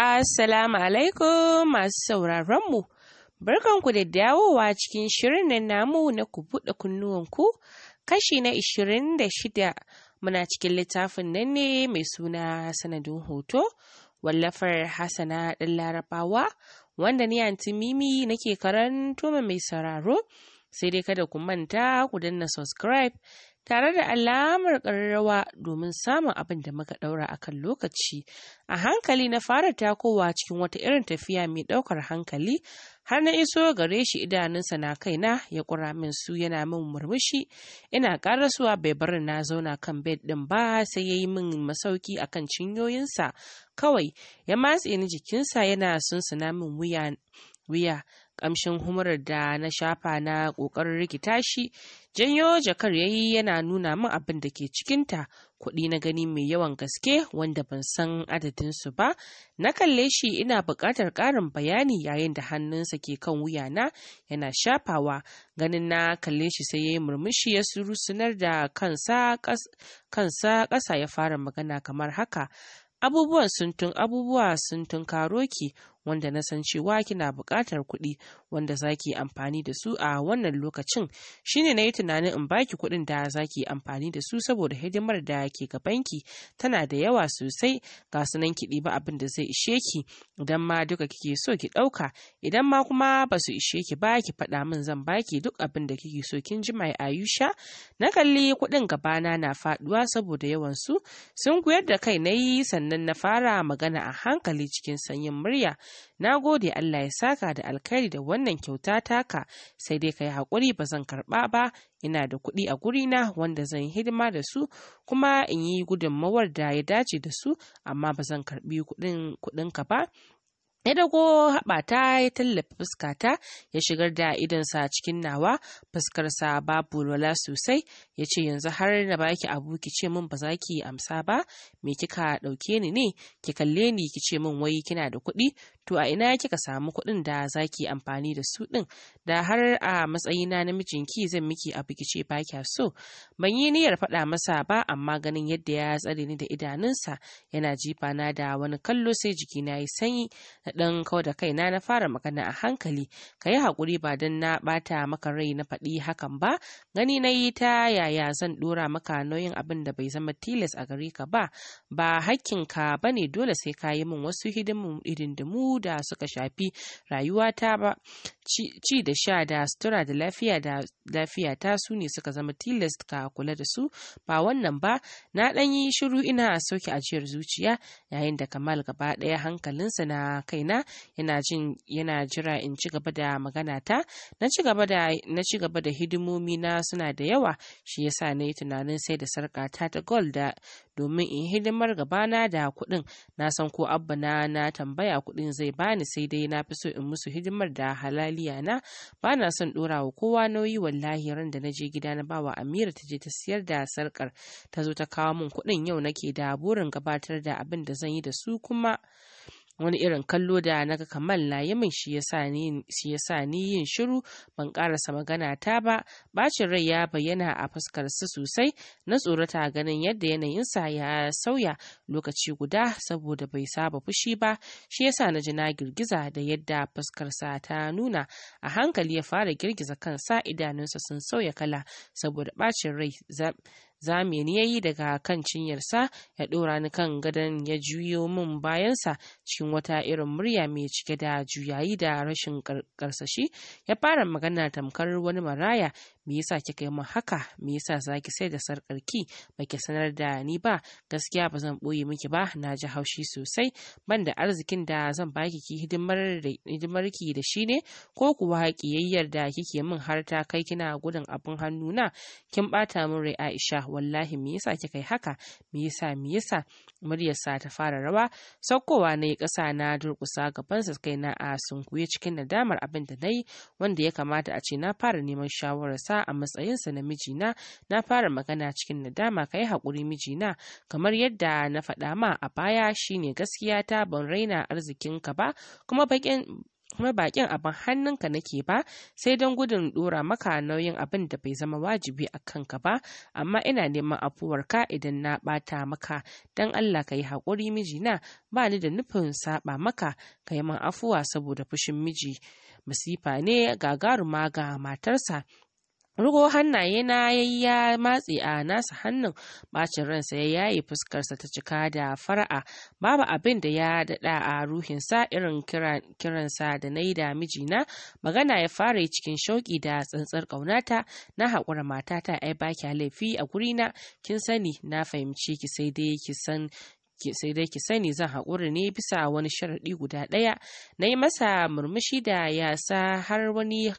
Assalamu alaikum masu sauraronmu. Barkanku da dawowa cikin shirin nan namu na ku buɗe kunnuwanku kashi na ishirin da shida muna cikin littafin nan ne mai suna sanadin hoto wallafar Hassana ɗan larabawa wanda ni anti mimi nake karanto mai sauraro sai dai kada ku manta ku danna subscribe tare da alamar ƙararrawa domin samun abin da muka ɗaura a kan lokaci. A hankali na fara takowa cikin wata irin tafiya mai ɗaukar hankali har na iso gare shi idanunsa na kaina ya ƙura min su yana min murmushi ina ƙarasuwa bai bar na zauna kan bed ɗin ba sai ya yi min masauki a kan cinyoyinsa kawai ya matse ni jikinsa yana sunsuna min wuya Kamshin humurar da na shafa na ƙoƙarin rikita shi, janyo jakar ya yi yana nuna min abin da ke cikinta, kuɗi na gani mai yawan gaske wanda ban san adadinsu ba, na kalle shi ina buƙatar ƙarin bayani yayin da hannunsa ke kan wuyana yana shafawa, ganin na kalle shi sai ya yi murmushi ya surusunar da kansa ƙasa ya fara magana kamar haka. abubuwan sun tun abubuwa sun tun karo wanda na san cewa kina buƙatar kuɗi wanda za ki amfani da su a wannan lokacin shine na yi tunanin in baki kuɗin da za ki amfani da su saboda hidimar da ke gabanki tana da yawa sosai ga sunan ki ɗiba abin da zai ishe ki idan ma duka kike so ki ɗauka idan ma kuma ba su ishe ki ba ki faɗa min zan baki duk abin da kike so kin ji mai ayusha na kalli kuɗin gabana na faɗuwa saboda yawan su sun koyar da kai na yi sannan na fara magana a hankali cikin sanyin murya Na gode Allah ya saka da alkhairi da wannan kyauta taka sai dai ka yi haƙuri ba zan karɓa ba ina da kuɗi a gurina wanda zan yi hidima da su kuma in yi gudunmawar da ya dace da su amma ba zan karɓi kuɗinka ba ya dago haɓata ya tallafa fuskata ya shigar da idonsa cikin nawa fuskarsa babu lola sosai ya ce yanzu har na baki abu ki ce min ba za ki amsa ba me kika ɗauke ni ne ki kalle ni ki ce min wai kina da kuɗi to a ina kika samu kuɗin da za ki amfani da su ɗin da har a matsayina na mijinki zan miki a bikice ba kya so ban yi niyyar faɗa masa ba amma ganin yadda ya tsare ni da idanunsa yana jifa na da wani kallo sai jiki na yi sanyi na ɗan kawai da kaina na fara magana a hankali ka yi haƙuri ba don na ɓata maka rai na faɗi hakan ba gani na yi ta yaya zan ɗora maka nauyin abin da bai zama tilas a gare ka ba ba hakkinka ba ne dole sai ka yi min wasu da mu da suka shafi rayuwata ba ci da sha da sutura da lafiya da lafiya ta su ne suka zama tilasta ka kula da su ba wannan ba na ɗan yi shiru ina sauke ajiyar zuciya yayin da kamal gaba daya hankalinsa na kaina yana jin yana jira in ci gaba da magana ta na ci gaba da na ci gaba da hidimomi na suna da yawa shi yasa na yi tunanin sai da sarƙata ta gold da domin in hidimar gabana da kuɗin na san ko abba na na tambaya kuɗin zai bani sai dai na fi so in musu hidimar da halali murya na ba na son dora wa kowa nauyi wallahi ran da na je gida na bawa Amira ta je ta siyar da sarkar ta zo ta kawo min kuɗin yau nake da burin gabatar da abin da zan yi da su kuma wani irin kallo da naga kamal na yi min shi ya sa ni yin shiru ban karasa magana ta ba bacin rai ya bayyana a fuskar su sosai na tsorata ganin yadda yanayinsa ya sauya lokaci guda saboda bai saba fushi ba shi ya sa na ji na girgiza da yadda fuskarsa ta nuna a hankali ya fara girgiza kansa idanunsa sun sauya kala saboda bacin rai zameni ya yi daga kan cinyarsa ya ɗora ni kan gadon ya juyo min bayansa cikin wata irin murya mai cike da juyayi da rashin karsashi ya fara magana tamkar wani maraya me yasa kika yi min haka me yasa zaki sai da sarkarki baki sanar da ni ba gaskiya ba zan boye miki ba na ji haushi sosai ban da arzikin da zan baki ki hidimar ki da shi ne ko kuwa kiyayyar da kike min har ta kai kina gudun abin hannu na kin bata min rai Aisha wallahi me yasa kika yi haka me yasa me yasa muryarsa ta fara rawa saukowa na kasa ƙasa na durƙusa gabansa kai na a sunkuye cikin nadamar abin da nayi wanda ya kamata a ce na fara neman shawararsa a matsayinsa na mijina na fara magana cikin nadama ka yi haƙuri mijina kamar yadda na faɗa ma a baya shine gaskiya ta ban raina arzikinka ba kuma baƙin kuma bakin abin hannunka nake ba sai don gudun dora maka nauyin abin da bai zama wajibi a kanka ba amma ina neman afuwarka idan na bata maka don Allah ka yi haƙuri mijina ba ni da nufin saɓa maka ka yi min afuwa saboda fushin miji masifa ne gagaruma ga matarsa rugo hannaye na yayi ya matse a nasa hannun bacin ransa ya yayi fuskarsa ta cika da fara'a babu abin da ya daɗa a ruhinsa irin kiransa da na yi da mijina magana ya fara cikin shauƙi da tsantsar ƙaunata na haƙura matata ai ba laifi a gurina kin sani na fahimci ki sai dai ki san sai dai ki sani zan haƙura ne bisa wani sharaɗi guda ɗaya na yi masa murmushi da yasa har wani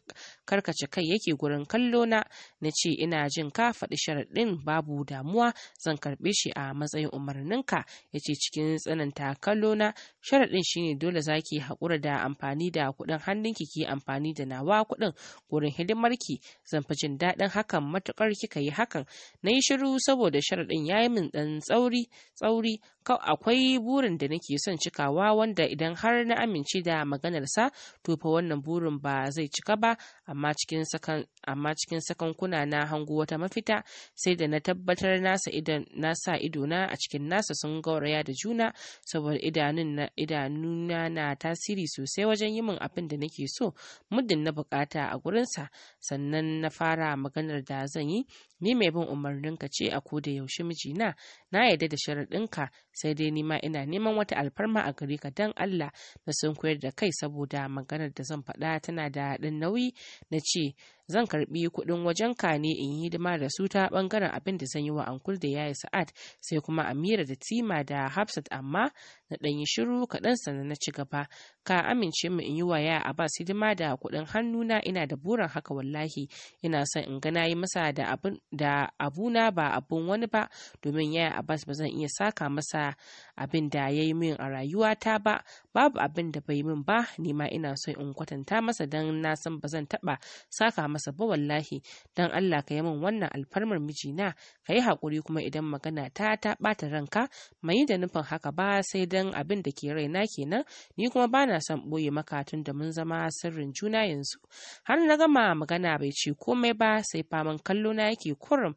karkace kai yake gurin kallo na na ce ina jin ka faɗi sharaɗin babu damuwa zan karɓe shi a matsayin umarninka ya ce cikin tsananta kallo na sharaɗin shine dole za zaki haƙura da amfani da kuɗin hannun ki amfani da nawa kuɗin gurin hidimarki zan fi jin daɗin hakan matuƙar kika yi hakan na yi shiru saboda sharaɗin ya yi min ɗan tsauri tsauri akwai burin da nake son cikawa wanda idan har na amince da maganarsa to fa wannan burin ba zai cika ba amma cikin sakan amma sakankuna na hango wata mafita sai da na tabbatar nasa idan na sa idona a cikin nasa sun gauraya da juna saboda idanun idanuna na tasiri sosai wajen yi min abin da nake so muddin na bukata a gurinsa sannan na fara maganar da zan yi ni mai bin umarninka ce a ko yaushe mijina na yarda da sharaɗinka sai dai nima ina neman wata alfarma a gare ka dan Allah na sun koyar da kai saboda maganar da zan faɗa tana da ɗan nauyi na ce zan karbi kudin wajen ka ne in yi hidima da su ta bangaren abin da zan yi wa ankul da yayi sa'ad sai kuma amira da tima da hafsat amma na dan yi shiru kaɗan sannan na ci gaba ka amince mu in yi wa yaya abbas hidima da kuɗin hannuna ina da burin haka wallahi ina son in ga na yi masa da abun da abuna ba abun wani ba domin yaya abbas ba zan iya saka masa abin da ya yi min a rayuwata ba babu abin da bai min ba ni ma ina so in kwatanta masa dan na san ba zan taba saka masa ba wallahi dan Allah ka yi min wannan alfarmar mijina ka yi hakuri kuma idan magana ta ta bata ranka mai da nufin haka ba sai dan abin da ke raina kenan ni kuma ba na son boye maka tun da mun zama sirrin juna yanzu har na gama magana bai ce komai ba sai faman kallo na yake kurum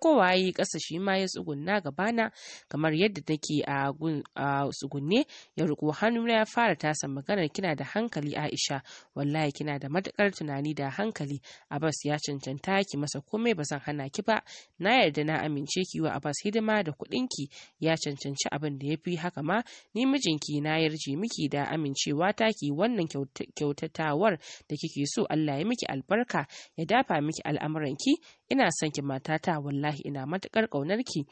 kowa ya yi ƙasa shi ma ya tsugunna gabana kamar yadda take a tsugunne ya riko na ya fara tasa maganar kina da hankali aisha wallahi kina da matukar tunani da hankali abbas ya cancanta ki masa komai ba zan hana ki ba na yarda na amince ki wa abbas hidima da kuɗinki ya cancanci abin da ya fi haka ma ni mijinki na yarje miki da amincewa ta ki wannan kyautatawar da kike so allah ya miki albarka ya dafa miki al'amuranki ina son ki matata wallahi ina matukar ƙaunarki. ki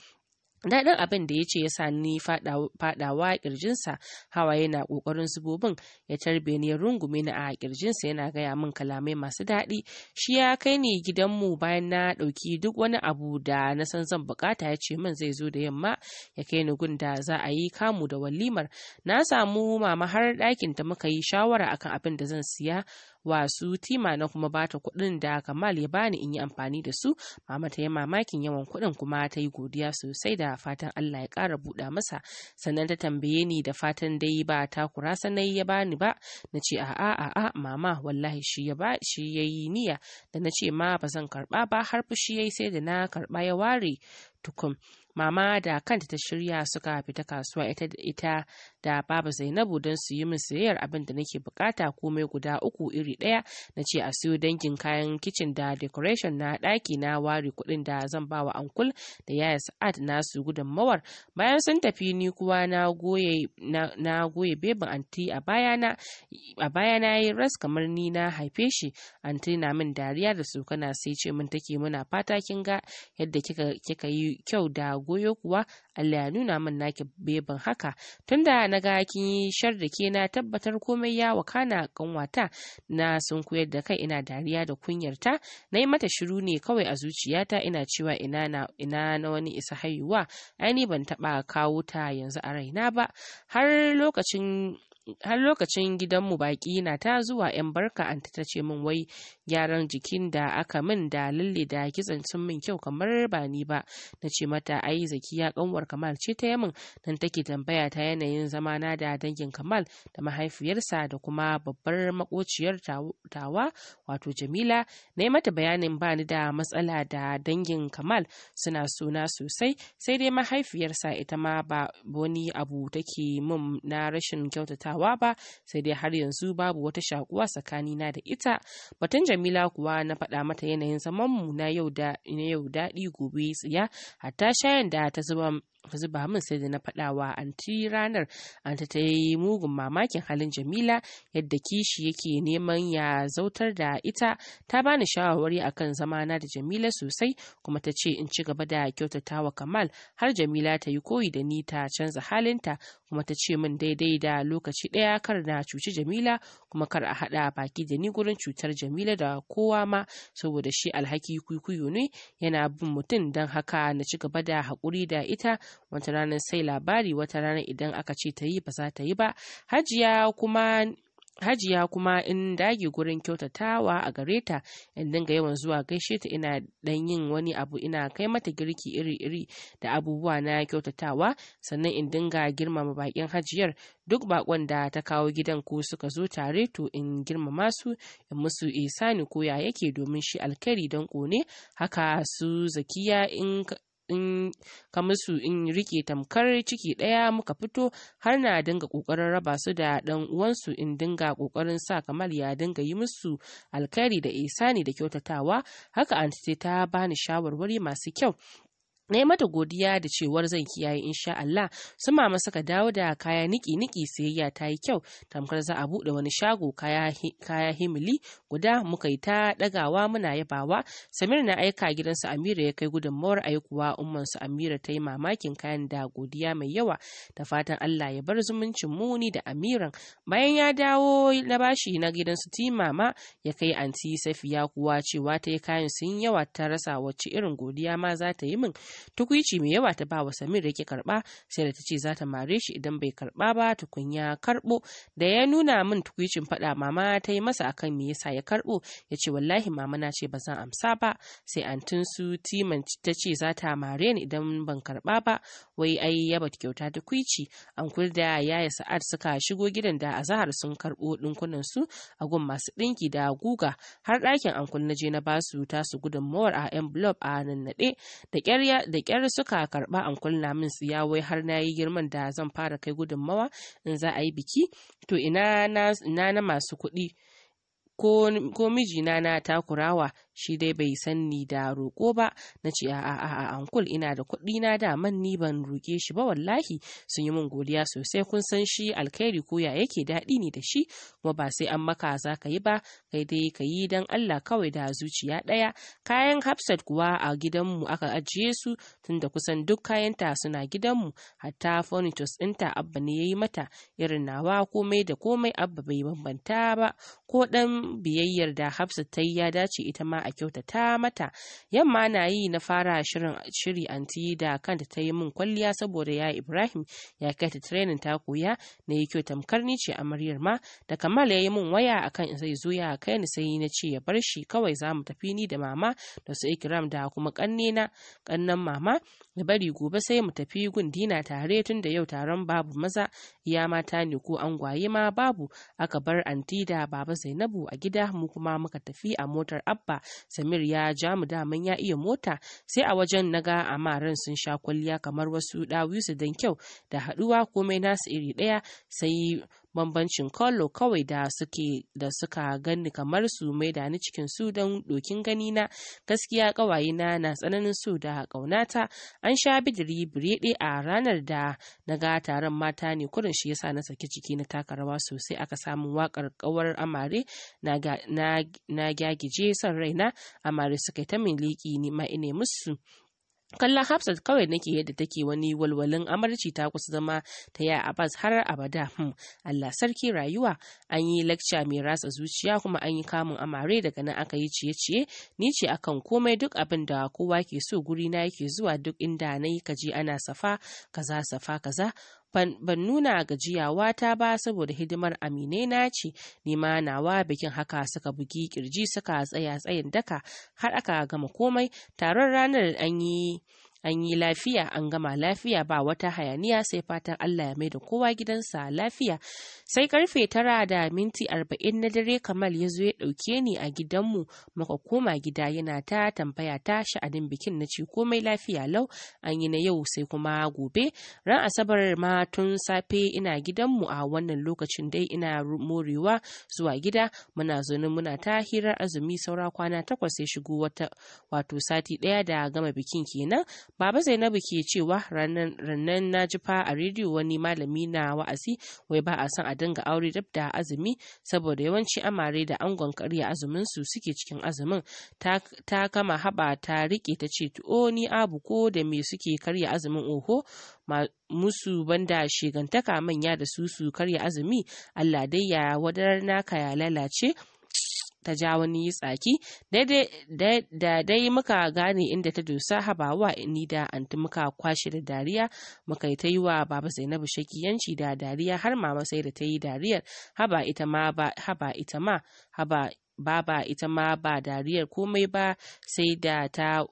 daɗin abin da ya ce ya sa ni faɗawa a ƙirjinsa yana yana ƙoƙarin zubobin ya tarbe ni ya rungume ni a ƙirjinsa yana gaya min kalamai masu daɗi shi ya kai ni gidanmu bayan na ɗauki duk wani abu da na san zan buƙata ya ce min zai zo da yamma ya kai ni gun za a yi kamu da walimar na samu mama har dakin da muka yi shawara akan abin da zan siya wasu tima na kuma bata kuɗin da kamal ya bani in yi amfani da su mama ta yi mamakin yawan kuɗin kuma ta yi godiya sosai da fatan allah ya ƙara buɗa masa sannan ta tambaye ni da fatan dai ba takura sanai ya bani ba na ce a'a a'a mama wallahi shi ya ba shi ya yi niyya da na ce ma ba zan karɓa ba har fushi ya sai da na karɓa ya ware tukun Mama da kanta ta shirya suka fita kasuwa ita, ita da babu Zainabu don su yi min sayayyar abin da nake bukata komai guda uku iri ɗaya na ce a siyo dangin kayan kicin da decoration na ɗaki na ware kuɗin da zan ba wa ankul da yaya sa'ad na su gudunmawar bayan sun tafi ni kuwa na goye beban anti a bayana a yi ras kamar ni na haife shi anti na min dariya da su kana sai ce min take muna fata kin ga yadda kika, kika yi kyau da goyo kuwa Allah ya nuna min naki beban haka tunda na ga kin yi shar da ke na tabbatar komai ya wakana kanwata na sun koyar da kai ina dariya da kunyarta na yi mata shiru ne kawai a zuciyata ina cewa ina na ina na wani isa haihuwa ai ni ban taba kawo ta yanzu a raina ba har lokacin har lokacin gidanmu baƙi na ta zuwa 'yan barka anta ta ce min wai gyaran jikin da aka min da lalle da kitson sun min kyau kamar ba ni ba na ce mata ai zakiya kanwar kamal ce ta yamin nan take tambaya ta yanayin na da dangin kamal da mahaifiyarsa da kuma babbar makociyar tawa wato jamila na mata bayanin ba ni da matsala da dangin kamal suna suna sosai sai dai mahaifiyarsa ita ma ba wani abu take min na rashin kyautata tantawa ba sai dai har yanzu babu wata shakuwa tsakanina da ita batun jamila kuwa na faɗa mata yanayin zaman mu na yau daɗi gobe tsiya hatta shayan da ta zuba zuba min sai da na faɗawa anti ranar anta ta yi mugun mamakin halin jamila yadda kishi yake neman ya zautar da ita ta bani shawarwari akan zamana da jamila sosai kuma ta ce in ci gaba da kyautata wa kamal har jamila ta yi koyi da ni ta canza halinta kuma ta ce min daidai da lokaci ɗaya kar na cuci jamila kuma kar a haɗa baki da ni gurin cutar jamila da kowa ma saboda shi alhaki kuikuyo ne yana bin mutum don haka na ci gaba da haƙuri da ita wata ranar sai labari wata ranar idan aka ce ta yi ba za ta yi ba hajiya kuma hajiya kuma in dage gurin kyautatawa a gare ta in dinga yawan zuwa gaishe ta ina dan yin wani abu ina kai mata girki iri-iri da abubuwa na kyautatawa sannan in dinga girmama bakin hajiyar duk bakon da ta kawo gidan ko suka zo tare to in girmama su in musu isani ko ya yake domin shi alkari don kone haka su zakiya in in ka musu in rike tamkar ciki ɗaya muka fito har na dinga ƙoƙarin raba su da ɗan uwansu in dinga ƙoƙarin sa kamal ya dinga yi musu alkhairi da isani da kyautatawa haka an ta bani shawarwari masu kyau na yi mata godiya da cewar zan kiyaye insha Allah su mama suka dawo da kaya niki niki sayayya ta yi kyau tamkar za a buɗe wani shago kaya himili guda muka yi ta ɗagawa muna yabawa Samir na aika gidansa Amira ya kai gudunmawar aikuwa umman su Amira ta yi mamakin kayan da godiya mai yawa ta fatan Allah ya bar zumuncin muni da Amiran bayan ya dawo na bashi na gidansu ti mama ya kai anti Safiya kuwa cewa ta yi kayan sun yawa ta rasa wacce irin godiya ma za ta yi min tukuici mai yawa ta bawa samir ke karba sai da ta ce za ta mare shi idan bai karba ba tukunya karbo da ya nuna min tukuicin fada mama ta yi masa akan me yasa ya karbo ya ce wallahi mama na ce ba zan amsa ba sai antin su timan ta ce za ta mare ni idan ban karba ba wai ai yaba kyauta tukuici an da yaya sa'ad suka shigo gidan da azahar sun karbo dinkunan su a gun masu dinki da guga har ɗakin an na je na basu tasu gudunmawar a envelope a nannaɗe da ƙyar da ƙyar suka karɓa an kulna min su wai har na yi girman da zan fara kai gudunmawa in za a yi biki to ina na masu kuɗi ko mijina na takurawa shi dai bai san ni da roƙo ba na ce a'a a'a ankul ina da kuɗi na da man ni ban roƙe shi ba wallahi sun yi min godiya sosai kun san shi alkhairi ko ya yake daɗi ne da shi kuma ba sai an maka za ka yi ba kai dai ka yi don Allah kawai da zuciya ɗaya kayan Hafsat kuwa a gidanmu aka ajiye su tunda kusan duk kayan ta suna gidanmu hatta furnitures ɗinta abba ne ya yi mata irin nawa komai da komai abba bai bambanta ba ko ɗan biyayyar da Hafsat ta yi ya dace ita ma a a kyautata mata yamma na yi na fara shirin shiri anti da kanta ta yi min kwalliya saboda ya ibrahim ya kai ta trenin ta koya na yi kyau tamkar ni ce amaryar ma da kamal ya yi min waya akan zai zo ya kai ni sai na ce ya bar shi kawai za mu tafi ni da mama da su ikiram da kuma kanne na kannan mama da bari gobe sai mu tafi gundina tare tun da yau taron babu maza iya mata ne ko angwaye ma babu aka bar anti da baba zainabu a gida mu kuma muka tafi a motar abba samir ya ja mu daman ya iya mota sai a wajen na ga amaran sun sha kwalliya kamar wasu dawisu dan kyau da haɗuwa komai nasu iri ɗaya sai bambancin kolo kawai da suke da suka gani kamar su mai da ni cikin su don dokin gani na gaskiya kawaye na na tsananin su da kaunata an sha bidiri biredi a ranar da na ga taron mata ne kurin shi yasa na saki ciki na taka rawa sosai aka samu wakar kawar amare na gyagije son raina amare suka yi ta miliki ni ma ine musu kallon hafsat kawai nake yadda take wani walwalin amarci ta kusa zama ta ya abbas har abada hmm. allah sarki rayuwa an yi lakca mai ratsa zuciya kuma an yi kamun amare daga nan aka yi ciye-ciye ni ce akan komai duk abin da kowa ke so guri na yake zuwa duk inda na yi kaji ana safa kaza safa kaza ban nuna gajiyawa ta ba saboda hidimar aminai na ce nima nawa bikin haka suka bugi kirji suka tsaya tsayin daka har aka gama komai taron ranar an yi an yi lafiya an gama lafiya ba wata hayaniya sai fatan Allah ya maida kowa gidansa lafiya sai karfe tara da minti arba'in na dare kamal ya zo ya ɗauke ni a gidanmu muka koma gida yana ta tambaya ta sha'anin bikin na ci komai lafiya lau an yi na yau sai kuma gobe ran asabar ma tun safe ina gidanmu a wannan lokacin dai ina morewa zuwa gida muna zaune muna ta hirar azumi saura kwana takwas sai shigo wata wato sati ɗaya da gama bikin kenan Baba Zainabu ke cewa rannan na ji a rediyo wani malami na wa'azi wai ba a san a dinga aure dab da azumi saboda yawanci amare da angon karya azumin su suke cikin azumin ta kama haba ta rike ta ce to oh, ni abu ko da me suke karya azumin oho musu banda shigantaka manya da su su karya azumi Allah dai ya wadar naka ya lalace ta ja wani tsaki da dai muka gane inda ta dosa habawa ni da anti muka kwashe da dariya muka yi ta yi wa baba zainabu shaki yanci da dariya har mama sai da ta yi dariyar haba ita ma haba ita ma haba baba ita ma ba dariyar komai ba sai da ta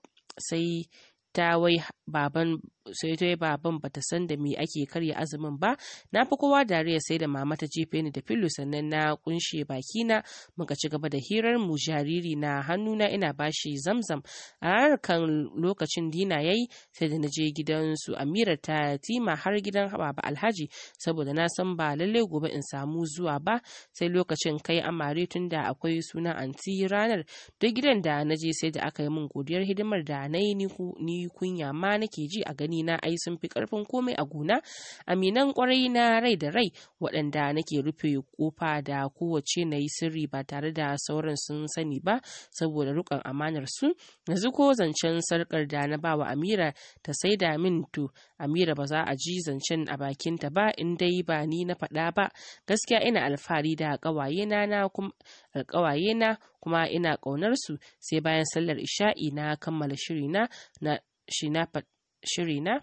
sai ta wai baban sai dai baban bata san da me ake karya azumin ba na fi kowa dariya sai da mama ta jefe ni da filo sannan na kunshe bakina muka ci gaba da hirar mu jariri na hannu na ina bashi zamzam a kan lokacin dina yayi sai da na je gidan su amira ta tima har gidan baba alhaji saboda na san ba lallai gobe in samu zuwa ba sai lokacin kai amare tun da akwai suna anti ranar duk gidan da na je sai da aka yi min godiyar hidimar da na yi ni kunya ma nake ji a gani na ai sun fi karfin komai a gona aminan kwarai na rai da rai waɗanda nake rufe kofa da kowace na yi sirri ba tare da sauran sun sani ba saboda rukan amanar su yanzu ko zancen sarkar da na bawa amira ta sai da min to amira ba za a ji zancen a bakinta ba in dai ba ni na faɗa ba gaskiya ina alfahari da ƙawaye na kuma ina ƙaunar su sai bayan sallar isha'i na kammala shiri na shi na shiri na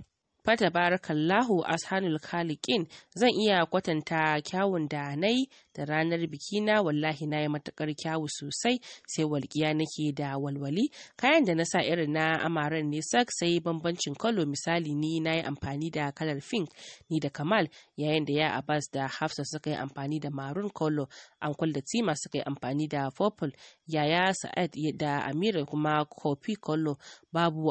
barakallahu ashanul khaliqin zan iya kwatanta kyawun da na yi da ranar bikina wallahi na yi matukar kyawu sosai sai walƙiya nake da walwali kayan da na sa irin na amaran ne sak sai bambancin kalo misali ni na yi amfani da kalar fink ni da kamal yayin da ya abbas da hafsa suka yi amfani da marun kolo an da tima suka yi amfani da purple yaya sa'ad da amira kuma kofi kollo babu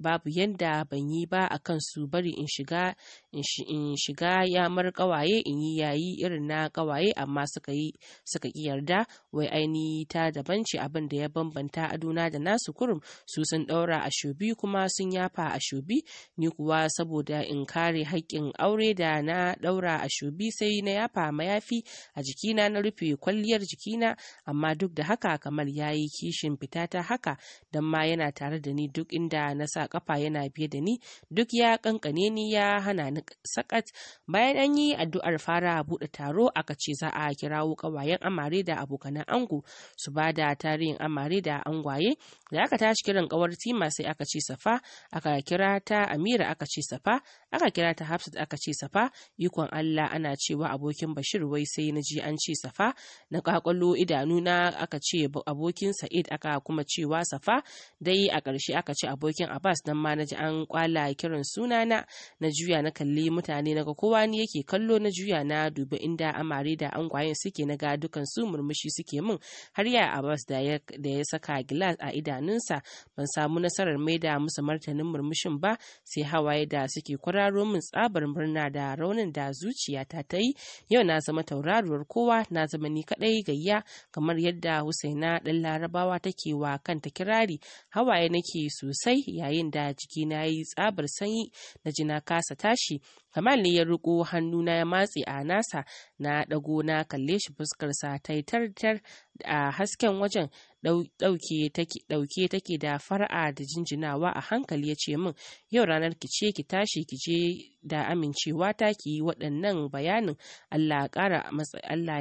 babu yanda ban yi ba a kan su bari in shiga in shiga yamar kawaye in yi yayi irin na kawaye amma suka yi suka ki yarda wai ainihi ta daban ce abin da ya bambanta aduna da nasu kurum su sun daura a shobi kuma sun yafa a shobi ni kuwa saboda in kare haƙƙin aure da na daura a shobi sai na yafa mayafi a jikina na rufe kwalliyar jikina amma duk da haka kamar ya yi kishin fitata haka don ma yana tare da ni duk inda na sa kafa yana biye da ni duk ya kankane ni ya hana ni sakat bayan an yi addu'ar fara buɗe taro aka ce za a kirawo kawayen amare da abokanan ango su ba da tarihin amare da angwaye da aka tashi kiran kawar tima sai aka ce safa aka kira ta amira aka ce safa aka kira ta hafsat aka ce safa ikon allah ana cewa abokin bashir wai sai na ji an ce safa na kwakwalo idanu na aka ce abokin Sa'id aka kuma cewa Safa dai a ƙarshe aka ci abokin Abbas dan ma naji an kwala kiran sunana na juya na kalli mutane naga kowa ne yake kallo na juya na dubi inda amare da an angwayen suke naga dukan su murmushi suke min har ya Abbas da ya saka gilas a idanunsa ban samu nasarar mai da musu martanin murmushin ba sai hawaye da suke kwararo min tsabar murna da raunin da zuciyata ta yi yau na zama tauraruwar kowa na zama ni kadai gayya kamar yadda Husaina na ɗan larabawa take wa kanta kirari hawaye nake sosai yayin da jikina ya yi tsabar sanyi na jina kasa tashi kamar ne ya riko hannuna ya matse a nasa na ɗago na kalle shi fuskarsa ta yi tartar a hasken wajen ɗauke take da fara'a da jinjinawa a hankali ya ce min yau ranar ki ce ki tashi ki je da amincewa ta ki yi waɗannan bayanin Allah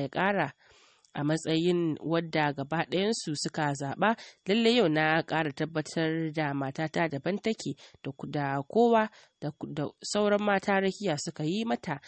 ya ƙara a matsayin wadda gaba ɗayansu suka zaɓa lalle yau na ƙara tabbatar da matata daban take da kowa da sauran mata rakiya suka yi mata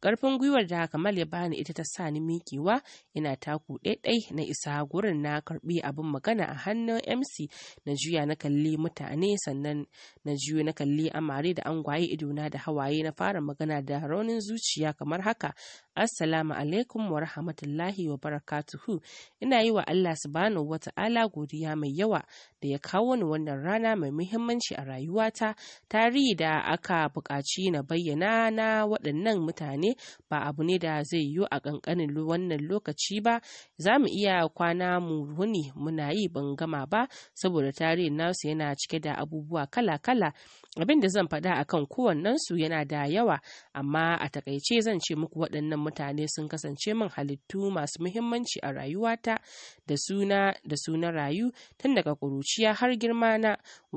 karfin gwiwar da kamal ya bani ita ta sa ni mikewa ina taku ɗaiɗai na isa gurin na karbi abin magana a hannun mc na juya na kalli mutane sannan na juya na kalli amare da angwaye idona da hawaye na fara magana da raunin zuciya kamar haka Assalamu alaikum wa rahmatullahi wa barakatuhu. Ina yi wa Allah subhanahu wa ta'ala godiya mai yawa da ya kawo ni wannan rana mai muhimmanci a rayuwata, tarihi da aka buƙaci na bayyana na waɗannan mutane ba abu ne da zai yiwu a ƙanƙanin wannan lokaci ba, za mu iya kwana mu wuni muna yi ban gama ba, saboda tarihin nasu yana cike da abubuwa kala-kala. Abin da zan faɗa akan kowannensu yana da yawa, amma a takaice zan ce muku waɗannan mutane sun kasance min halittu masu muhimmanci a rayuwata da suna da suna rayu tun daga ƙuruciya har girma na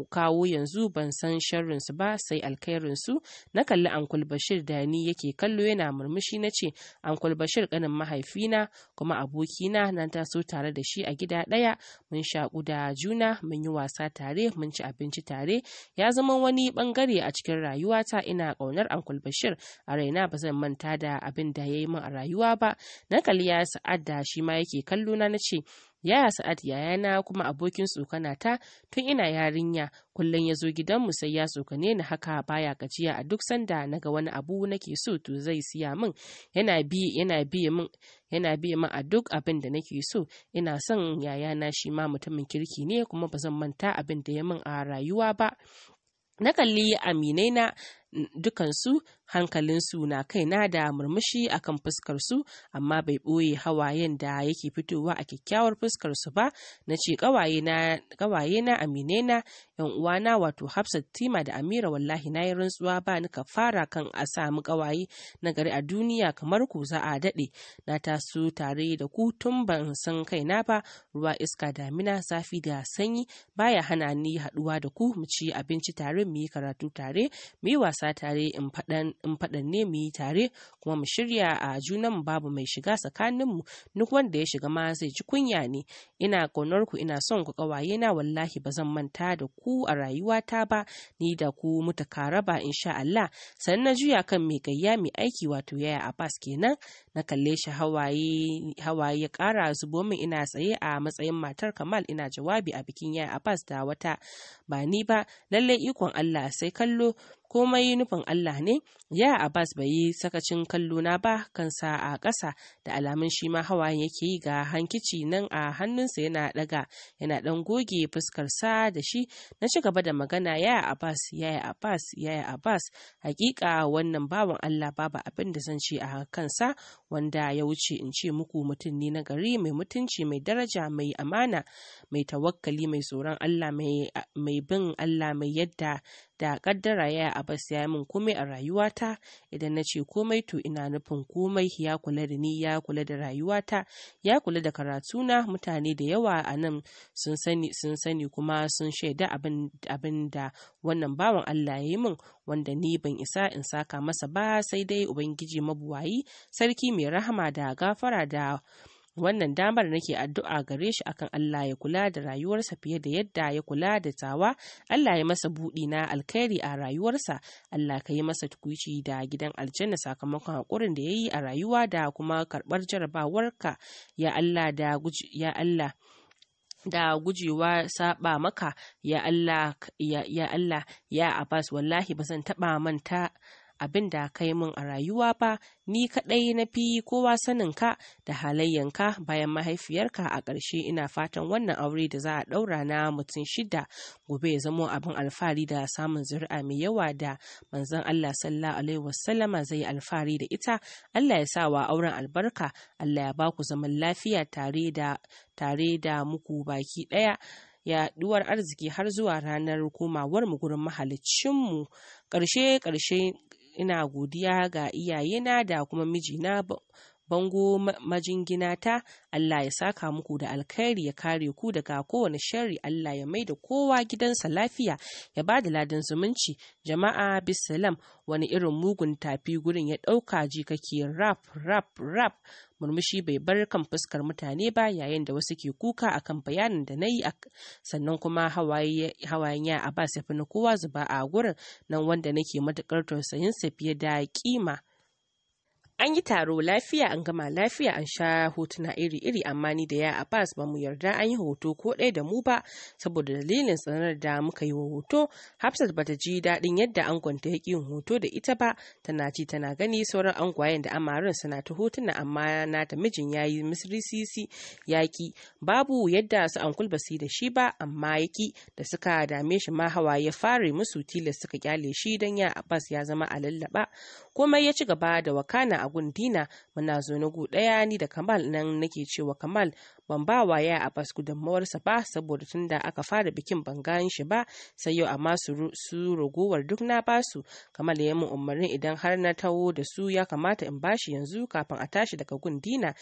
kawo yanzu ban san sharrinsu ba sai alkhairinsu na kalli ankul bashir da ni yake kallo yana murmushi na ce ankul bashir kanin mahaifina kuma abokina na taso tare da shi a gida ɗaya mun shaƙu da juna mun yi wasa tare mun ci abinci tare ya zama wani bangare a cikin rayuwata ina ƙaunar ankul bashir a raina ba zan manta da abin da ya ya yi min a rayuwa ba na kalli ya sa'ad da shi ma yake kallo na na ce yaya sa'ad yayana kuma abokin tsokana ta tun ina yarinya kullum ya zo gidanmu sai ya tsokane ni haka baya gajiya a duk sanda na ga wani abu nake so to zai siya min yana bi yana bi min yana bi min a duk abin da nake so ina son yayana shi ma mutumin kirki ne kuma ba zan manta abin da ya min a rayuwa ba na kalli aminai na mm, dukansu hankalinsu na kaina da murmushi a akan fuskarsu amma bai ɓoye hawayen da yake fitowa a kyakkyawar fuskarsu ba na ce ƙawaye na amine na yan uwana wato hafsat tima da amira wallahi na yi rantsuwa ba ni ka fara kan a samu ƙawaye na gari a duniya kamar ku za a daɗe na taso tare da ku tun ban san kaina ba ruwa iska damina zafi da sanyi baya hana ni haɗuwa da ku mu ci abinci tare mu yi karatu tare mu yi wasa tare in faɗan in faɗa ne mu yi tare kuma mu shirya a junan babu mai shiga tsakaninmu duk wanda ya shiga ma zai ji kunya ne ina ƙaunar ku ina son ku ƙawaye na wallahi ba zan manta da ku a rayuwata ba ni da ku muta ba insha Allah sannan na juya kan mai gayya mai aiki wato yaya Abbas kenan na kalle shi hawaye hawaye ya ƙara zubo min ina tsaye a matsayin matar Kamal ina jawabi a bikin yaya Abbas da wata ba ni ba lallai ikon Allah sai kallo komai nufin Allah ne ya Abbas bai yi sakacin kallona ba kansa a ƙasa da alamun shi ma hawayen yake yi ga hankici nan a hannunsa yana ɗaga yana ɗan goge fuskarsa da shi na ci gaba da magana ya Abbas ya Abbas ya Abbas hakika wannan bawan Allah babu abin da zan ce a kansa wanda ya wuce in ce muku mutum ne na gari mai mutunci mai daraja mai amana mai tawakkali mai tsoron Allah mai bin Allah mai yadda da kaddara ya abbas ya min komai a rayuwata idan na ce komai to ina nufin komai ya kula da ni ya kula da rayuwata ya kula da karatuna mutane da yawa a nan sun sani sun sani kuma sun shaida abin da wannan bawan allah ya yi min wanda ni ban isa in saka masa ba sai dai ubangiji mabuwayi sarki mai rahama da gafara da wannan damar nake addu'a gare shi akan Allah ya kula da rayuwarsa fiye da yadda ya kula da tawa Allah ya masa buɗi na alkhairi a rayuwarsa Allah ka yi masa tukuici da gidan aljanna sakamakon haƙurin da ya yi a rayuwa da kuma karɓar jarabawarka ya Allah da ya Allah da gujewa saba maka ya Allah ya Allah ya Abbas wallahi ba zan taɓa manta abin da ka yi min a rayuwa ba ni kaɗai na fi kowa sanin ka da halayyanka bayan mahaifiyarka a ƙarshe ina fatan wannan aure da za a ɗaura na mutum shida gobe ya zamo abin alfahari da samun zuri'a mai yawa da manzon Allah sallallahu alaihi wasallama zai alfahari da ita Allah ya sa wa auren albarka Allah ya ba ku zaman lafiya tare da tare da muku baki ɗaya yaɗuwar arziki har zuwa ranar komawar mu gurin mahaliccinmu ƙarshe ƙarshe ina godiya ga iyayena da kuma mijina bango majinginata Allah ya saka muku da alkhairi ya kare ku daga kowane shari Allah ya maida kowa gidansa lafiya ya ba da ladan zumunci jama'a bisalam wani irin mugun tafi gurin ya ɗauka ji kake rap rap rap murmushi bai bar kan fuskar mutane ba yayin da wasu ke kuka akan bayanin da na yi sannan kuma hawayen ya abbas ya fi kowa zuba a gurin nan wanda nake matukar tausayin sa fiye da kima an yi taro lafiya an gama lafiya an sha hotuna iri-iri amma ni da ya abbas ba mu yarda an yi hoto ko ɗaya da mu ba saboda dalilin tsanar da muka yi wa hoto hafsat bata ji daɗin yadda ta ya yin hoto da ita ba tana ci tana gani sauran angwayen da amarin suna ta hotuna amma na ta mijin ya yi misri sisi yaƙi babu yadda su ankul basi da shi ba amma yaki da suka dame shi ma hawa ya fara musu tilas suka kyale shi don ya a abbas ya zama a lallaba komai ya ci gaba da wakana a gun dina muna na gu ɗaya ni da kamal nan nake cewa kamal ban ba wa ya abbas gudunmawarsa ba saboda tun da aka fara bikin ban gan shi ba sai yau amma su ragowar duk na basu kamal ya mun umarnin idan har na tawo da su ya kamata in bashi yanzu kafin a tashi daga gun dina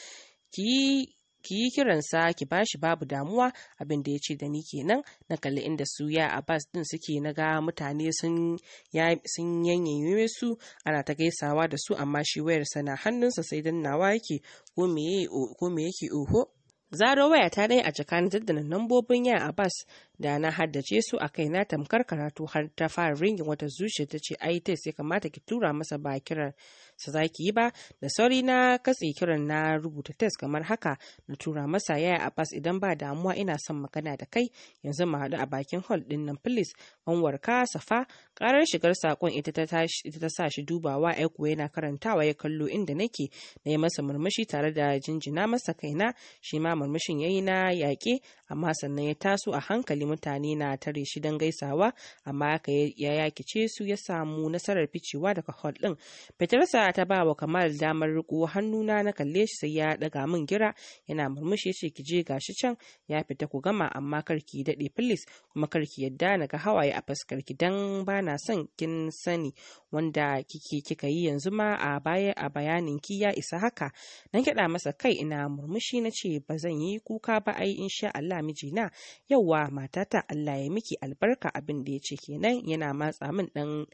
ki ki yi kiransa ki bashi babu damuwa abin da ya ce da ni kenan na kalli inda su ya abbas din suke na ga mutane sun yanyanyewe su ana ta gaisawa da su amma shi wayarsa na hannunsa sai nawa yake ko me yake oho zaro waya ta dai a tsakanin daddana lambobin a abbas da na haddace su a kai na tamkar karatu har ta fara ringin wata zuciya ta ce ai sai kamata ki tura masa ba kiran su za yi ba da sauri na katse kiran na rubuta test kamar haka na tura masa yaya a bas idan ba damuwa ina son magana da kai yanzu mu haɗu a bakin hall ɗin nan please wanwarka safa Karar shigar sakon ita ta sa shi dubawa ai kuwa yana karantawa ya kallo inda nake na yi masa murmushi tare da jinjina masa kaina shi ma murmushin yayi na yaƙe amma sannan ya taso a hankali mutane na tare shi don gaisawa amma aka ya yakice su ya samu nasarar ficewa daga hall din. Fitarsa ta ba wa Kamal damar riko hannuna na kalle shi sai ya daga min gira yana murmushi ce ki je gashi can ya fita ku gama amma karki daɗe filis kuma karki yadda na ga hawaye a fuskar ki dan bana na son kin sani wanda kike kika yi yanzu ma a baya a bayanin ki ya isa haka na kiɗa masa kai ina murmushi na ce ba zan yi kuka ba ai insha Allah mijina yauwa matata Allah ya miki albarka abin da ya ce kenan yana matsa min dan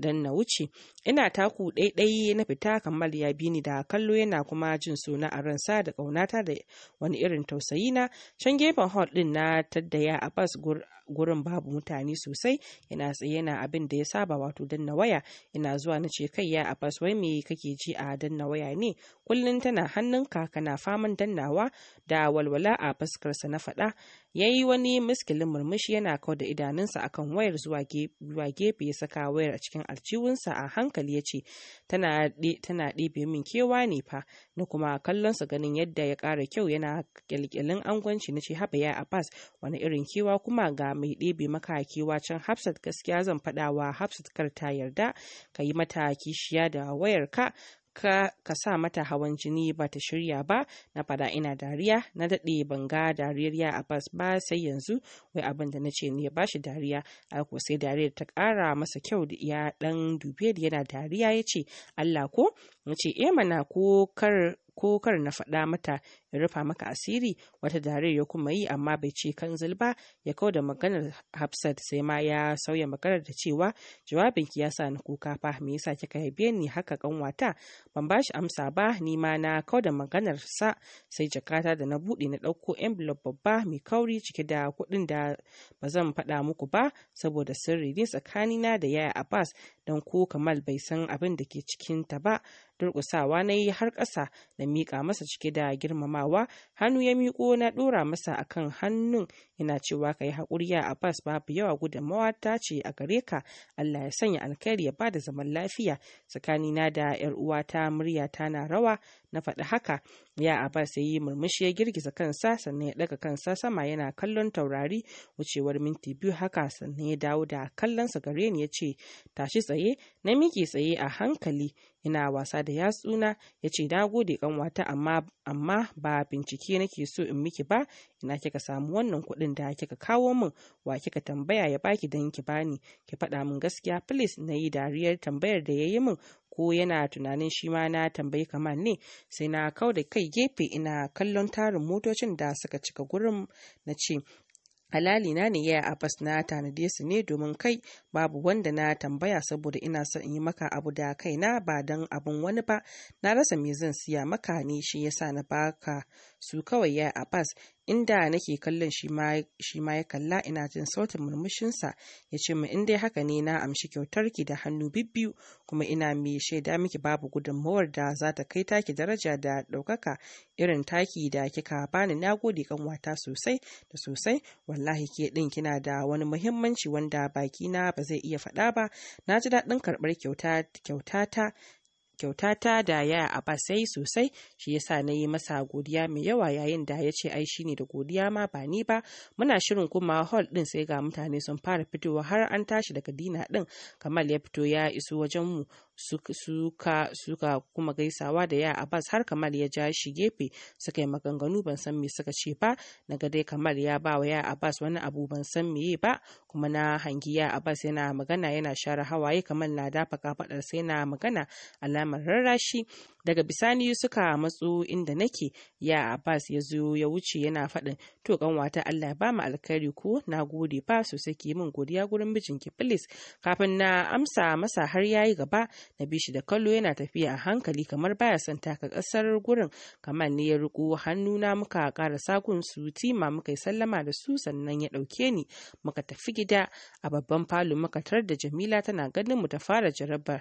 don na wuce ina taku ɗaiɗai na fita kamar ya bi ni da kallo yana kuma jin suna a ransa da ƙaunata da wani irin tausayi na can gefen hall ɗin na taddaya a bas gurin babu mutane sosai yana tsaye yana abin da ya saba wato danna waya ina zuwa na ce kai ya a bas wai me kake ji a danna waya ne kullum tana hannun hannunka kana faman dannawa da walwala a fuskarsa na faɗa ya yi wani miskilin murmushi yana kawo da idanunsa a kan wayar zuwa gefe ya saka wayar a cikin alciwunsa a hankali ya ce tana ɗebe min kewa ne fa na kuma kallonsa ganin yadda ya kara kyau yana kyalkyalin angwanci na ce haba ya abbas wani irin kewa kuma ga mai ɗebe maka kewa can hafsat gaskiya zan faɗawa hafsat kar ta yarda ka yi mata kishiya da wayar ka ka, ka sa mata hawan jini ba ta shirya ba na fada ina dariya na daɗe banga dariyar ya abbas ba sai yanzu wai abin da na ce ne ya bashi dariya ko sai dariyar ta ƙara masa kyau da ya ɗan dubiyar yana dariya ya ce allah ko mace ce e mana ko kar ko kar na faɗa mata in rufa maka asiri wata dare ya kuma yi amma bai ce kan zulba ya kau da maganar hafsat sai ma ya sauya maganar da cewa jawabinki ya sa ni kuka fa me yasa kika haife ni haka kanwata ban bashi amsa ba ni ma na kau da maganar sa sai jakata da na buɗe na ɗauko envelope babba mai kauri cike da kuɗin da ba zan faɗa muku ba saboda sirri ne tsakanina da yaya abbas don ko kamal bai san abin da ke cikinta ba durƙusawa na yi har ƙasa na miƙa masa cike da girmamawa hannu ya miko na ɗora masa a kan hannun yana cewa ka yi haƙuri a bas babu yawa gudunmawa ta ce a gare ka allah ya sanya alkhairi ya ba da zaman lafiya tsakanina da yar uwata murya tana rawa na faɗi haka ya abbas ya yi murmushi ya girgiza kansa sannan ya ɗaga kansa sama yana kallon taurari wucewar minti biyu haka sannan ya dawo da kallonsa gare ni ya ce tashi tsaye na miƙe tsaye a hankali ina wasa da yatsuna ya ce na gode kanwata amma amma ba bincike nake so in miki ba ina kika samu wannan kuɗin da kika kawo min wa kika tambaya ya baki dan ki bani ki faɗa min gaskiya please na yi dariyar tambayar da ya yi min ko yana tunanin shi ma na tambayi kamar ne sai na kau da kai gefe ina kallon tarin motocin da suka cika gurin na ce na ne ya yi abas na tanade su ne domin kai babu wanda na tambaya saboda ina son in yi maka abu da kai na ba don abin wani ba na rasa me zan siya maka ne shi yasa na baka su kawai ya abas inda nake kallon shi ma ya kalla ina jin sautin murmushinsa ya ce mu in dai haka ne na amshi kyautarki da hannu bibbiyu kuma ina mai shaida miki babu gudunmawar da za ta kai taki daraja da ɗaukaka irin taki da kika bani na gode kanwata sosai da sosai wallahi ke ɗin kina da wani muhimmanci wanda baki na ba zai iya faɗa ba na ji daɗin karɓar kyautata kyauta ta da ya Abbas yayi sosai shi yasa na yi masa godiya mai yawa yayin da ya ce ai shi ne da godiya ma ba ni ba muna shirin kuma hall din sai ga mutane sun fara fitowa har an tashi daga dina din Kamal ya fito ya iso wajen mu suka kuma gaisawa da ya Abbas har Kamal ya ja shi gefe suka yi maganganu ban san me suka ce ba na ga dai Kamal ya ba wa ya Abbas wani abu ban san meye ba kuma na hangi ya Abbas yana magana yana share hawaye Kamal na dafa kafadar sai na magana alamar rarrashi daga bisani suka matsu inda nake ya abbas ya zo ya wuce yana faɗin to kanwata allah ba mu alkhairi ko na gode ba sosai ki min godiya gurin mijinki please kafin na amsa masa har yayi gaba na bi shi da kallo yana tafiya a hankali kamar baya son taka ƙasar gurin kamar ne ya riko hannu na muka ƙara sakun su tima muka yi sallama da su sannan ya ɗauke ni muka tafi gida a babban falo muka tar da jamila tana ganin mu ta fara jarabar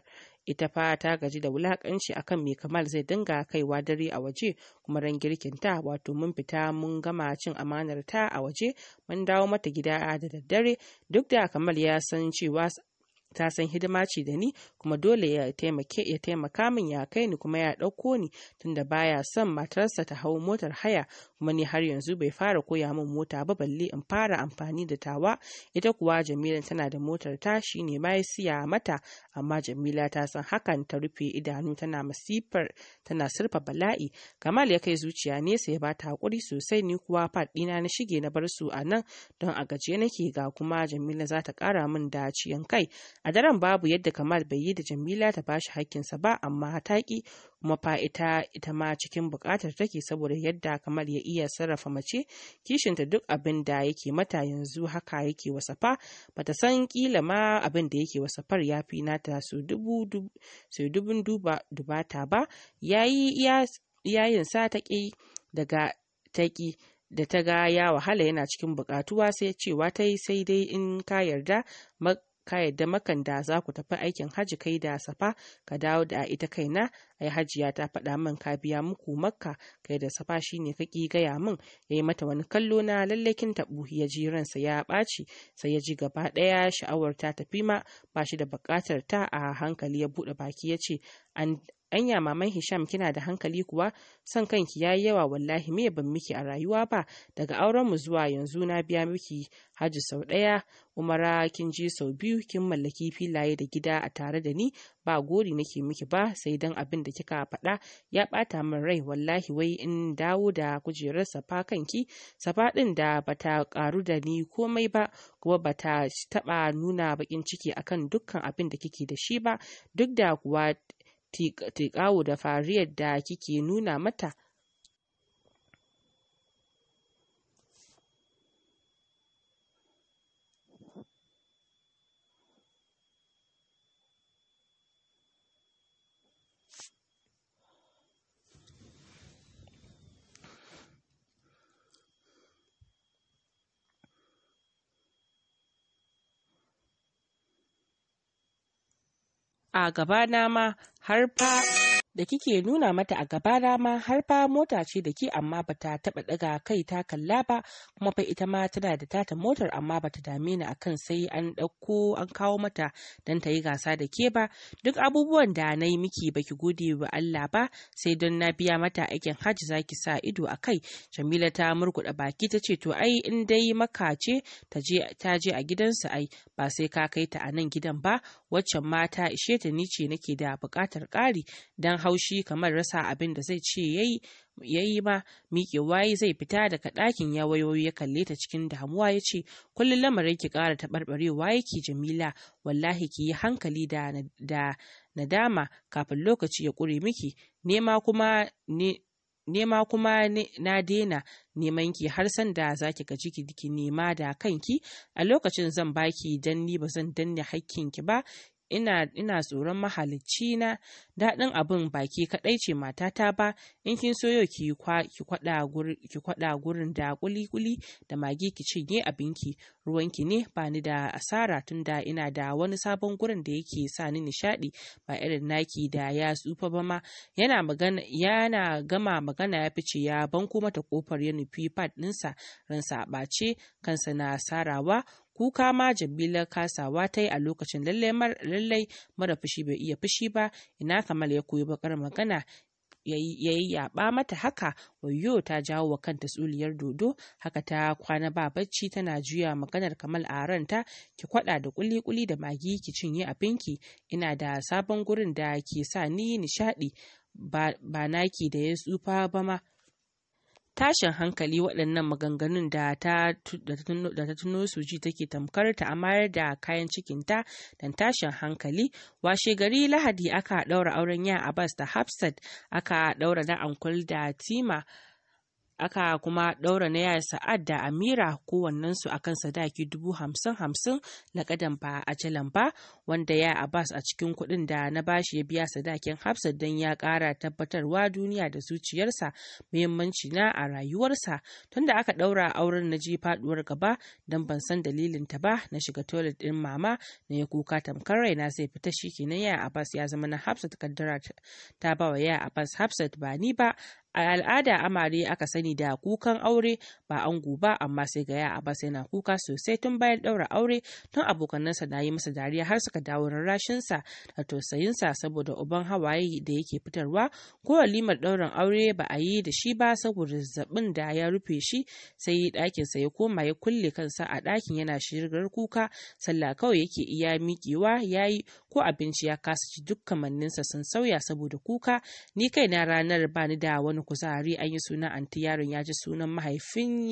ita fa ta gaji da wulakanci akan Me kamal zai dinga kaiwa dare a waje kuma ran girkin ta wato mun fita mun gama cin amanar ta a waje mun dawo mata gida da daddare duk da kamal ya san cewa ta san hidima ce da ni kuma dole ya taimake ya taimaka min ya kai ni kuma ya ɗauko ni tunda baya son matarsa ta hau motar haya kuma ni har yanzu bai fara koya min mota ba balle in fara amfani da tawa ita kuwa jamilan tana da motar ta shine ma ya siya mata amma jamila ta san hakan ta rufe idanu tana masifar tana surfa bala'i kamal ya kai zuciya nesa ya bata hakuri sosai ni kuwa fad ɗina na shige na bar su a nan don a gaje nake ga kuma jamila za ta kara min da kai a daren babu yadda kamal bai yi da jamila ta bashi hakkinsa ba amma ta kuma ita ita ma cikin bukatar take saboda yadda kamar ya iya sarrafa mace kishinta duk abin da yake mata yanzu haka yake wasafa bata san kila ma abin da yake wasafar ya fi nata su dubun duba dubata ba yayi yayin sa ta daga da ta ga ya wahala yana cikin bukatuwa sai cewa ta yi sai dai in ka yarda ka yadda makan da za ku tafi aikin hajji kai da safa ka dawo da ita kaina ai hajiya ta faɗa min ka biya muku makka kai da safa shine ka ki gaya min ya yi mata wani kallo na lallakin taɓu ya ji ransa ya ɓaci sai ya ji gaba ɗaya sha'awar ta tafi ma ba shi da buƙatar ta a hankali ya buɗe baki ya ce anya maman hisham kina da hankali kuwa son kanki ya yi yawa wallahi me ban miki a rayuwa ba daga auren mu zuwa yanzu na biya miki haji sau ɗaya umara kin je sau biyu kin mallaki filaye da gida a tare da ni ba gori nake miki ba sai dan abin da kika faɗa ya ɓata min rai wallahi wai in dawo da kujerar safa kanki safa ɗin da bata ƙaru da ni komai ba kuma bata taɓa nuna baƙin ciki akan dukkan abin da kike da shi ba duk da kuwa Tiƙawu da fariyar da kike nuna mata a na ma har ba. da kike nuna mata a gaba rama har fa mota ce da ke amma ba ta taba daga kai ta kalla ba kuma fa ita ma tana da tata motar amma ba ta dame ni akan sai an ɗauko an kawo mata dan ta yi gasa da ke ba duk abubuwan da na yi miki ki gode wa Allah ba sai don na biya mata aikin hajji zaki sa ido a kai Jamila ta murkuɗa baki ta ce to ai in dai maka ce ta je a gidansa ai ba sai ka kai ta a nan gidan ba waccan mata ishe ta ni ce nake da buƙatar ƙari dan haushi kamar rasa abin da zai ce yayi yi ma miƙe waye zai fita daga ɗakin ya wayoyi ya kalle ta cikin damuwa ya ce kullum lamarin ki ƙara taɓarɓarewa yake jamila wallahi ki yi hankali da nadama kafin lokaci ya ƙure miki nema kuma ne nema kuma na daina neman ki har sanda za ki gaji ki nema da kanki a lokacin zan baki dan ni ba zan danne hakkin ki ba ina ina tsoron mahalicci na daɗin abin baki kaɗai ce matata ba in kin so yau ki kwaɗa gurin da kuli-kuli da magi ki cinye abinki ruwanki ne ba ni da asara tun da ina da wani sabon gurin da yake sa ni nishaɗi ba irin naki da ya tsufa ba ma yana gama magana ya fice ya banko mata kofar ya nufi pad ɗinsa ransa ɓace kansa na sarawa kuka ma jabila kasawa ta yi a lokacin lallai mara fushi bai iya fushi ba ina kamal ya koyi bakar magana ya yi yaba mata haka wayo ta jawo wa kanta tsuliyar dodo haka ta kwana ba bacci tana juya maganar kamal a ranta ki kwada da kuli-kuli da magi ki cinye a finki ina da sabon gurin da ke sa ni nishadi ba naki da ya tsufa ba ma tashin hankali waɗannan maganganun da ta tuno su ji take tamkar ta amayar da kayan cikinta don tashin hankali washe gari lahadi aka ɗaura auren ya abbas da hafsat aka ɗaura da ankul da tima aka kuma ɗaura na yaya sa'ad da amira kowannensu a kan sadaki dubu hamsin hamsin na kadan ba a jalan ba wanda ya abbas a cikin kuɗin da na bashi ya biya sadakin hafsa don ya ƙara tabbatarwa duniya da zuciyarsa muhimmanci na a rayuwarsa tunda aka ɗaura auren na ji faɗuwar gaba don ban san dalilin ta ba na shiga toilet ɗin mama na ya kuka tamkar raina sai fita shi kenan ya abbas ya zama na hafsa takaddara ta ba wa ya abbas hafsat ba ni ba a al'ada amare aka sani da kukan aure ba an ba amma sai gaya a basa yana kuka sosai tun bayan ɗaura aure tun abokanansa na yi masa dariya har suka dawo rarrashinsa da tausayinsa saboda uban hawaye da yake fitarwa ko walimar ɗaurin aure ba a yi da shi ba saboda zazzabin da ya rufe shi sai yi ɗakinsa ya koma ya kulle kansa a ɗakin yana shirgar kuka sallah kawai yake iya miƙewa ya yi ko abinci ya kasa ci duk kamanninsa sun sauya saboda kuka ni kaina ranar bani da wani wani kuzari an yi suna anti yaron ya ji sunan mahaifin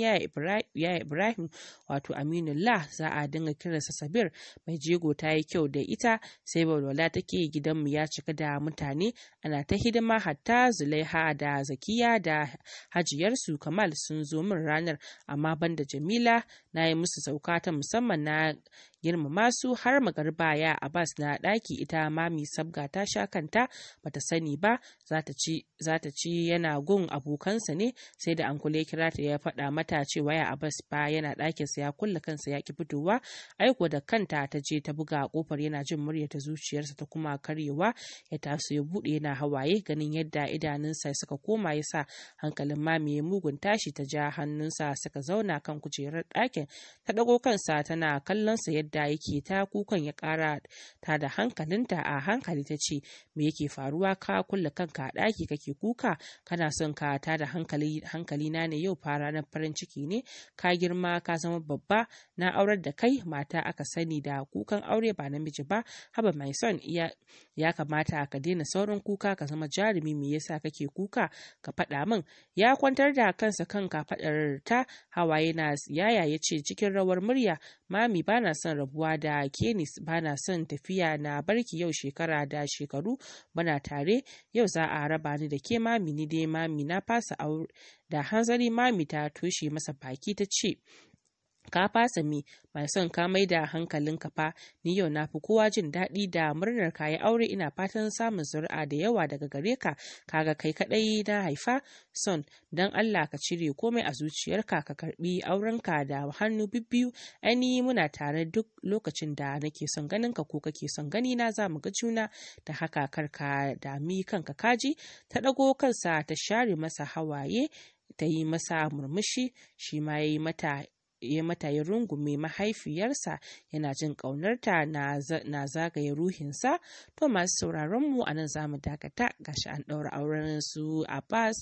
ya ibrahim wato aminullah za a dinga kiransa sabir mai jego ta yi kyau da ita sai walwala take gidanmu ya cika da mutane ana ta hidima hatta zulaiha da zakiya da hajiyarsu kamal sun zo min ranar amma banda jamila na yi musu sauka ta musamman na girmama su har a bas na ɗaki ita mami sabga ta sha kanta bata sani ba za ta ci yana gun abokansa ne sai da ankule kira ta ya faɗa mata cewa ya Abbas ba yana ɗakinsa ya kulle kansa ya ki fitowa aiko da kanta ta je ta buga kofar yana jin murya ta zuciyarsa ta kuma karyewa ya taso ya buɗe yana hawaye ganin yadda idanunsa suka koma yasa hankalin mami ya mugun tashi ta ja hannunsa suka zauna kan kujerar ɗakin ta ɗago kansa tana kallonsa yadda yadda yake ta kukan ya kara ta da hankalinta a hankali ta ce me yake faruwa ka kulle kanka a ɗaki kake kuka kana son ka ta da hankali na ne yau fara na farin ciki ne ka girma ka zama babba na aurar da kai mata aka sani da kukan aure ba namiji ba haba mai son ya, ya kamata ka daina saurin kuka ka zama jarumi me yasa kake kuka ka faɗa min ya kwantar da kansa kanka kafaɗar ta hawaye na yaya ya ce cikin rawar murya mami bana son rabuwa da kenis bana son tafiya na barki yau shekara da shekaru bana tare yau za a raba ni da ke mami ni dai mami na fasa aure da hanzari mami ta toshe masa baki ta ce ka fasa mi mai son ka mai da hankalinka fa ni yau na fi kowa jin daɗi da murnar ka yi aure ina fatan samun zuri'a da yawa daga gare ka kaga kai kaɗai na haifa son don allah ka cire komai a zuciyarka ka karbi aurenka da hannu bibbiyu ani muna tare duk lokacin da nake son ganin ka ko kake son gani na za mu ga juna da haka kar ka dami kanka kaji ta ɗago kansa ta share masa hawaye ta yi masa murmushi shi ma ya yi mata ya mata ya rungume mahaifiyarsa yana jin ƙaunarta na zagaye ruhinsa to masu sauraron mu a nan zamu dakata gashi an ɗaura auren su Abbas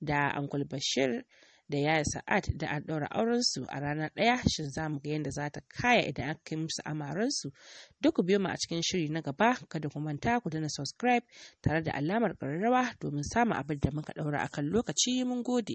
da Uncle Bashir da yi Sa'ad da an ɗaura auren su a rana ɗaya shin zamu ga yadda za ta kaya idan aka kai musu amaran su duk ku biyo mu a cikin shiri na gaba kada ku manta ku dana subscribe tare da alamar ƙararrawa domin samun abin da muka ɗaura a kan lokaci mun gode